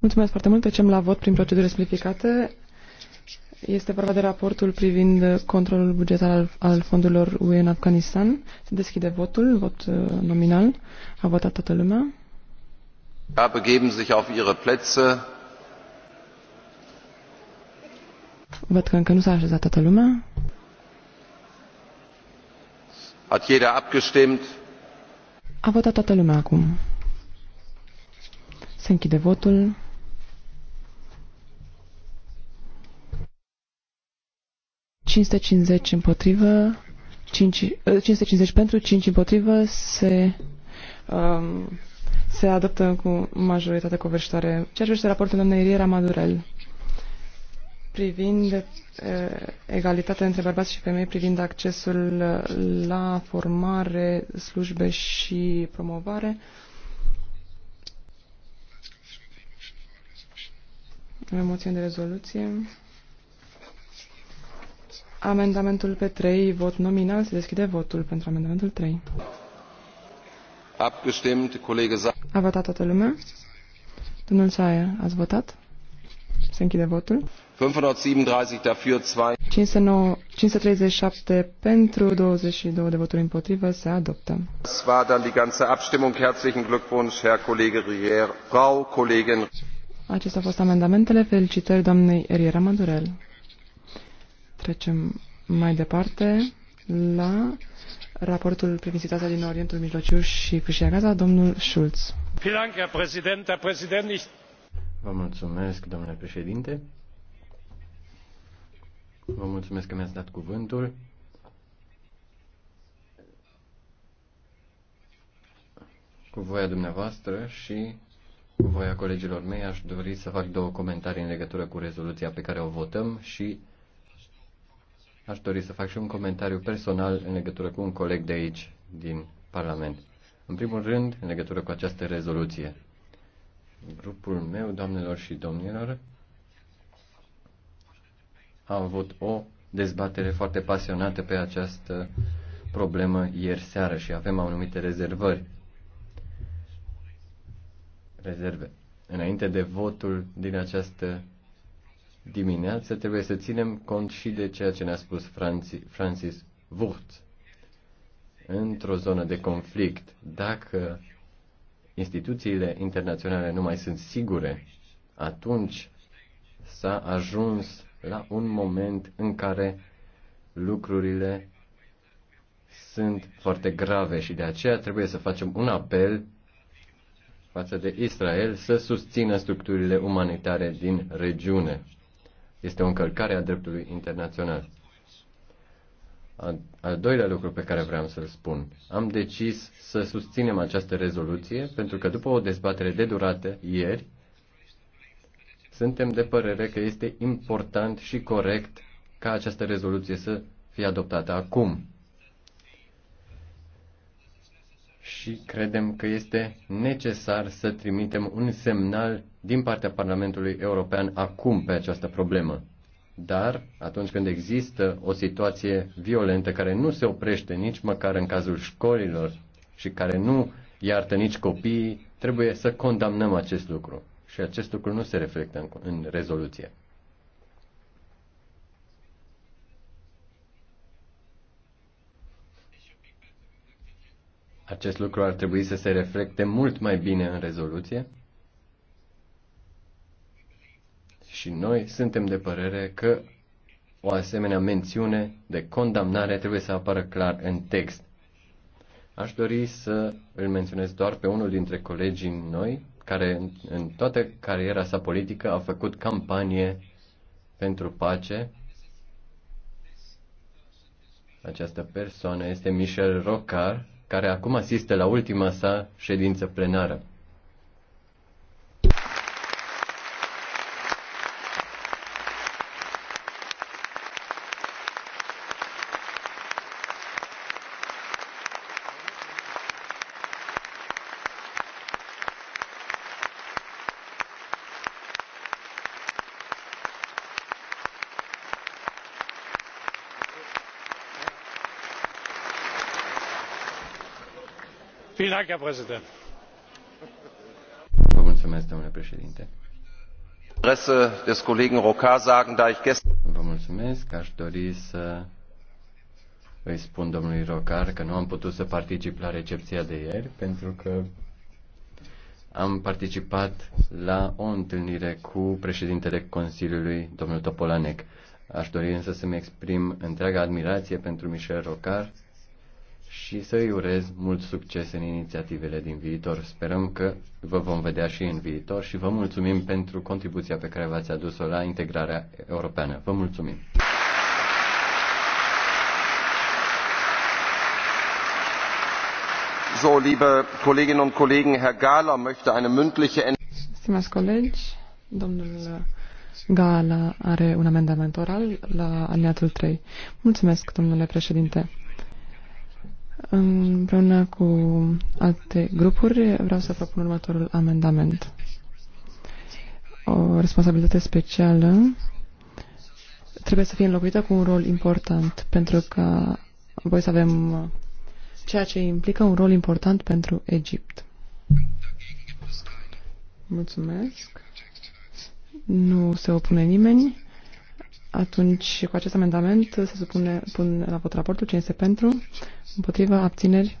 Mulțumesc foarte mult. Trecem la vot prin procedură simplificată. Este vorba de raportul privind controlul bugetar al, al fondurilor UE în Afganistan. Se deschide votul, vot uh, nominal. A votat toată lumea. Da, begeben sich auf ihre Plätze. Văd că încă nu s-a așezat toată lumea. Hat jeder abgestimmt? A votat toată lumea acum. Se închide votul. ...550 împotrivă, 5, 550 ă, pentru, 5 împotrivă, se, um, se adoptă cu majoritate covârșitoare. Ceea ce privește raportul domnului Riera Madurel privind uh, egalitatea între bărbați și femei, privind accesul la formare, slujbe și promovare. Uh, Avem moțiune de rezoluție. Amendamentul pe 3, vot nominal. Se deschide votul pentru amendamentul 3. Abgestimmt, colege A votat toată lumea? Domnul Sayer, ați votat? Se închide votul. 537 dafür, 2. 509, 537 pentru, 22 de voturi împotrivă, se adoptă. Das war dann die ganze Abstimmung. Herzlichen Glückwunsch, Herr Kollege Rier, Frau Kollegin. Acestea au fost amendamentele. Felicitări doamnei eriera, Madurel. Trecem mai departe la raportul privind situația din Orientul Mijlociu și Fâșia Gaza, domnul Schulz. Vă mulțumesc, domnule președinte. Vă mulțumesc că mi-ați dat cuvântul. Cu voia dumneavoastră și voia colegilor mei, aș dori să fac două comentarii în legătură cu rezoluția pe care o votăm și aș dori să fac și un comentariu personal în legătură cu un coleg de aici, din Parlament. În primul rând, în legătură cu această rezoluție. Grupul meu, doamnelor și domnilor, a avut o dezbatere foarte pasionată pe această problemă ieri seară și avem anumite rezervări rezerve. Înainte de votul din această dimineață, trebuie să ținem cont și de ceea ce ne-a spus Francis Wurt. Într-o zonă de conflict, dacă instituțiile internaționale nu mai sunt sigure, atunci s-a ajuns la un moment în care lucrurile sunt foarte grave și de aceea trebuie să facem un apel față de Israel să susțină structurile umanitare din regiune. Este o încălcare a dreptului internațional. Al doilea lucru pe care vreau să-l spun. Am decis să susținem această rezoluție pentru că după o dezbatere de durată ieri, suntem de părere că este important și corect ca această rezoluție să fie adoptată acum. și credem că este necesar să trimitem un semnal din partea Parlamentului European acum pe această problemă. Dar atunci când există o situație violentă care nu se oprește nici măcar în cazul școlilor și care nu iartă nici copiii, trebuie să condamnăm acest lucru. Și acest lucru nu se reflectă în, în rezoluție. Acest lucru ar trebui să se reflecte mult mai bine în rezoluție. Și noi suntem de părere că o asemenea mențiune de condamnare trebuie să apară clar în text. Aș dori să îl menționez doar pe unul dintre colegii noi, care în toată cariera sa politică a făcut campanie pentru pace. Această persoană este Michel Rocard, care acum asiste la ultima sa ședință plenară. Vă mulțumesc, domnule președinte. Adresse des Kollegen Rocard sagen, da ich gestern. Vă mulțumesc, aș dori să îi spun domnului Rocar că nu am putut să particip la recepția de ieri pentru că am participat la o întâlnire cu președintele Consiliului, domnul Topolanec. Aș dori însă să-mi exprim întreaga admirație pentru Michel Rocard și să-i urez mult succes în inițiativele din viitor. Sperăm că vă vom vedea și în viitor și vă mulțumim pentru contribuția pe care v-ați adus-o la integrarea europeană. Vă mulțumim! So, liebe Kolleginnen und Kollegen, Herr Gala möchte eine mündliche Stimați colegi, domnul Gala are un amendament oral la aliatul 3. Mulțumesc, domnule președinte. Împreună cu alte grupuri vreau să propun următorul amendament. O responsabilitate specială trebuie să fie înlocuită cu un rol important, pentru că voi să avem ceea ce implică un rol important pentru Egipt. Mulțumesc. Nu se opune nimeni. Atunci, cu acest amendament se supune pun la vot raportul. Cine este pentru? Împotriva abțineri.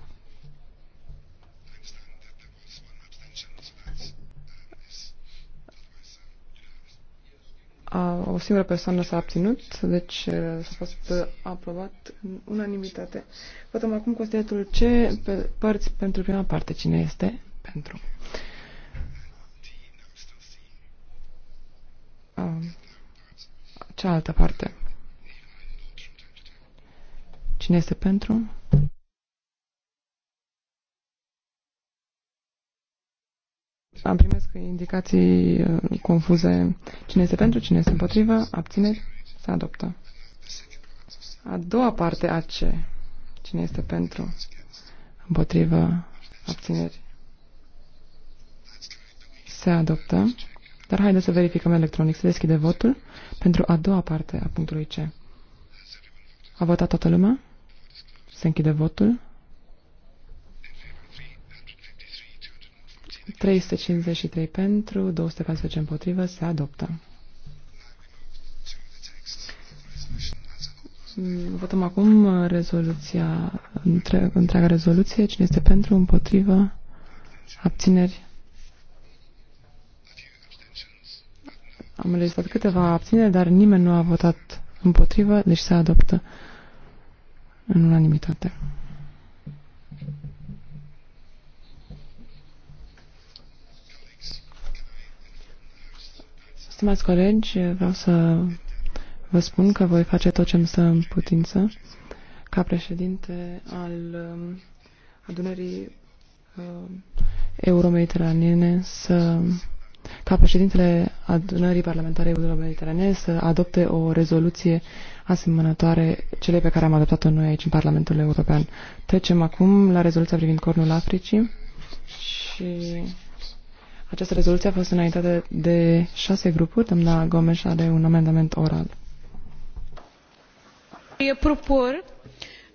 A, o singură persoană s-a abținut, deci s-a fost aprobat în unanimitate. Votăm acum consideratul ce pe părți pentru prima parte. Cine este? Pentru. A, cealaltă parte. Cine este pentru? Am primesc indicații uh, confuze. Cine este pentru, cine este împotrivă, abțineri, se adoptă. A doua parte a ce? Cine este pentru, împotrivă, abțineri, se adoptă. Dar haideți să verificăm electronic. Se deschide votul pentru a doua parte a punctului C. A votat toată lumea? Se închide votul. 353 pentru, 214 împotrivă, se adoptă. Votăm acum rezoluția, întreaga, întreaga rezoluție. Cine este pentru, împotrivă, abțineri? Am înregistrat câteva abțineri, dar nimeni nu a votat împotrivă, deci se adoptă în unanimitate. Stimați colegi, vreau să vă spun că voi face tot ce îmi stă în putință ca președinte al um, adunării uh, um, euromediteraniene să ca președintele adunării parlamentare euro-mediterane să adopte o rezoluție asemănătoare celei pe care am adoptat-o noi aici în Parlamentul European. Trecem acum la rezoluția privind Cornul Africii și această rezoluție a fost înaintată de șase grupuri. Doamna Gomes are un amendament oral. Eu propun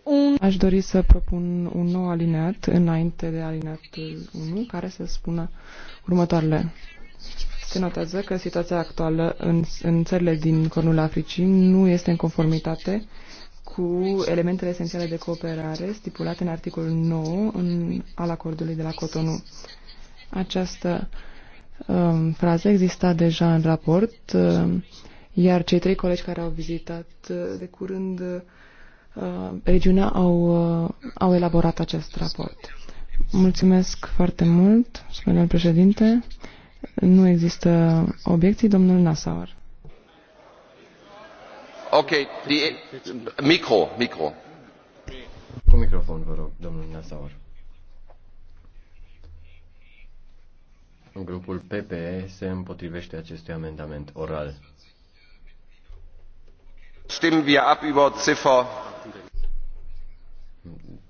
un... Aș dori să propun un nou alineat înainte de alineatul 1 care să spună următoarele se notează că situația actuală în, în țările din Cornul Africii nu este în conformitate cu elementele esențiale de cooperare stipulate în articolul 9 în, al acordului de la Cotonou. Această um, frază exista deja în raport, um, iar cei trei colegi care au vizitat uh, de curând uh, regiunea au, uh, au elaborat acest raport. Mulțumesc foarte mult, domnule președinte. Nu există obiecții, domnul Nassauer. Ok, micro, micro. Cu microfon, vă rog, domnul Nasaur. Grupul PPE se împotrivește acestui amendament oral. Stimmen wir ab über Ziffer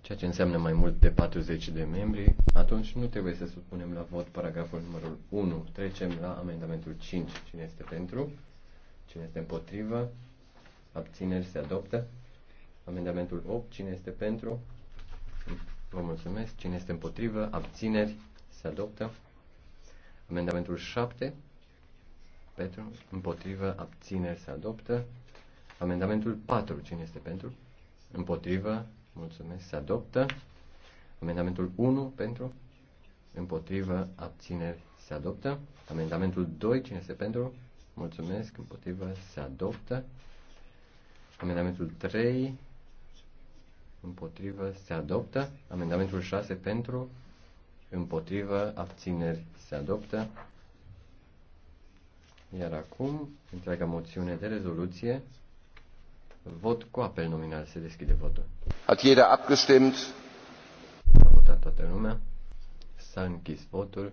ceea ce înseamnă mai mult de 40 de membri, atunci nu trebuie să supunem la vot paragraful numărul 1. Trecem la amendamentul 5. Cine este pentru? Cine este împotrivă? Abțineri se adoptă. Amendamentul 8. Cine este pentru? Vă mulțumesc. Cine este împotrivă? Abțineri se adoptă. Amendamentul 7. Pentru, împotrivă, abțineri se adoptă. Amendamentul 4. Cine este pentru? Împotrivă, Mulțumesc. Se adoptă. Amendamentul 1 pentru. Împotrivă. Abțineri. Se adoptă. Amendamentul 2. Cine este pentru? Mulțumesc. Împotrivă. Se adoptă. Amendamentul 3. Împotrivă. Se adoptă. Amendamentul 6 pentru. Împotrivă. Abțineri. Se adoptă. Iar acum, întreaga moțiune de rezoluție Vot cu apel nominal. Se deschide votul. Hat jeder abgestimmt? A votat toată lumea. S-a închis votul.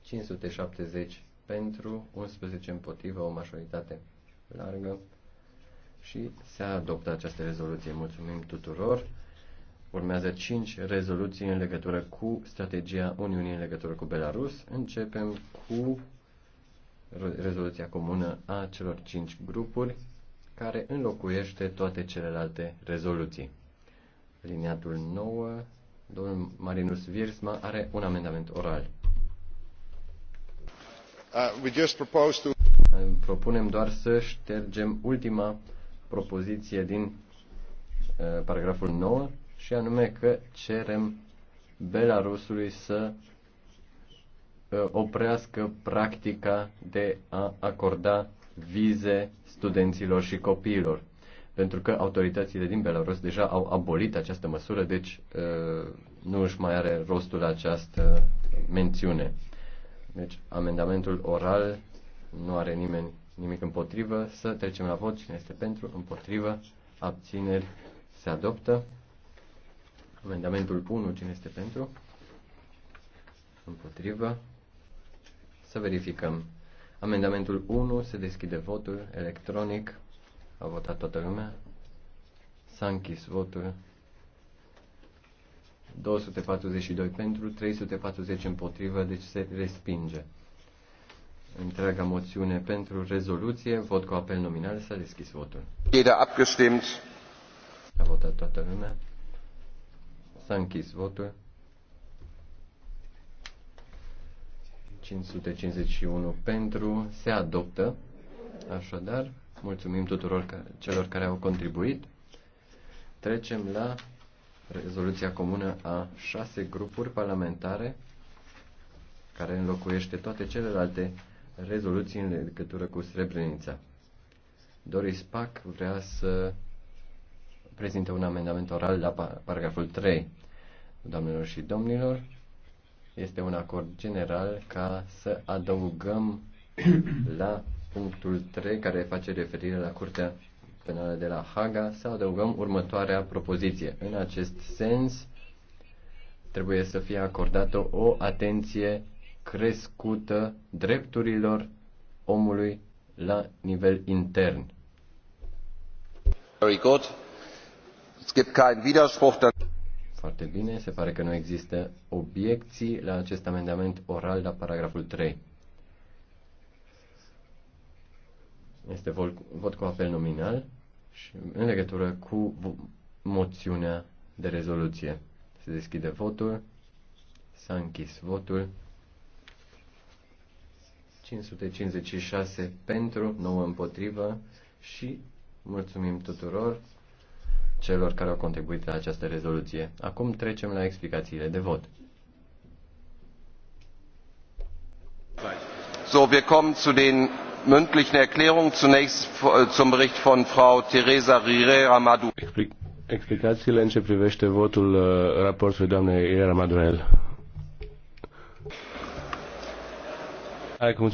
570 pentru, 11 împotrivă, o majoritate largă și se adoptă această rezoluție. Mulțumim tuturor! Urmează 5 rezoluții în legătură cu strategia Uniunii în legătură cu Belarus. Începem cu rezoluția comună a celor 5 grupuri care înlocuiește toate celelalte rezoluții. Liniatul 9, domnul Marinus Virsma are un amendament oral. Uh, we just propose to... Propunem doar să ștergem ultima propoziție din uh, paragraful 9 și anume că cerem Belarusului să uh, oprească practica de a acorda vize studenților și copiilor. Pentru că autoritățile din Belarus deja au abolit această măsură, deci uh, nu își mai are rostul această mențiune. Deci amendamentul oral nu are nimeni nimic împotrivă. Să trecem la vot. Cine este pentru? Împotrivă. Abțineri. Se adoptă. Amendamentul 1. Cine este pentru? Împotrivă. Să verificăm. Amendamentul 1 se deschide votul electronic. A votat toată lumea. S-a închis votul. 242 pentru, 340 împotrivă, deci se respinge. Întreaga moțiune pentru rezoluție, vot cu apel nominal, s-a deschis votul. Jeder abgestimmt. A votat toată lumea. S-a închis votul. 551 pentru, se adoptă. Așadar, mulțumim tuturor celor care au contribuit. Trecem la rezoluția comună a șase grupuri parlamentare care înlocuiește toate celelalte rezoluții în legătură cu Srebrenița. Doris Pac vrea să prezinte un amendament oral la paragraful 3. Doamnelor și domnilor, este un acord general ca să adăugăm la punctul 3 care face referire la Curtea Penală de la Haga să adăugăm următoarea propoziție. În acest sens, trebuie să fie acordată o atenție crescută drepturilor omului la nivel intern. Very good. Es gibt keinen Widerspruch. Foarte bine, se pare că nu există obiecții la acest amendament oral la paragraful 3. Este vot, cu apel nominal și în legătură cu moțiunea de rezoluție. Se deschide votul. S-a închis votul. 556 pentru, 9 împotrivă și mulțumim tuturor celor care au contribuit la această rezoluție. Acum trecem la explicațiile de vot. So, wir kommen zu den mündlichen Erklärungen. Zunächst äh, zum Bericht von Frau Teresa Riera Madurell. explicațiile în ce privește votul uh, raportului doamnei Riera Madurell.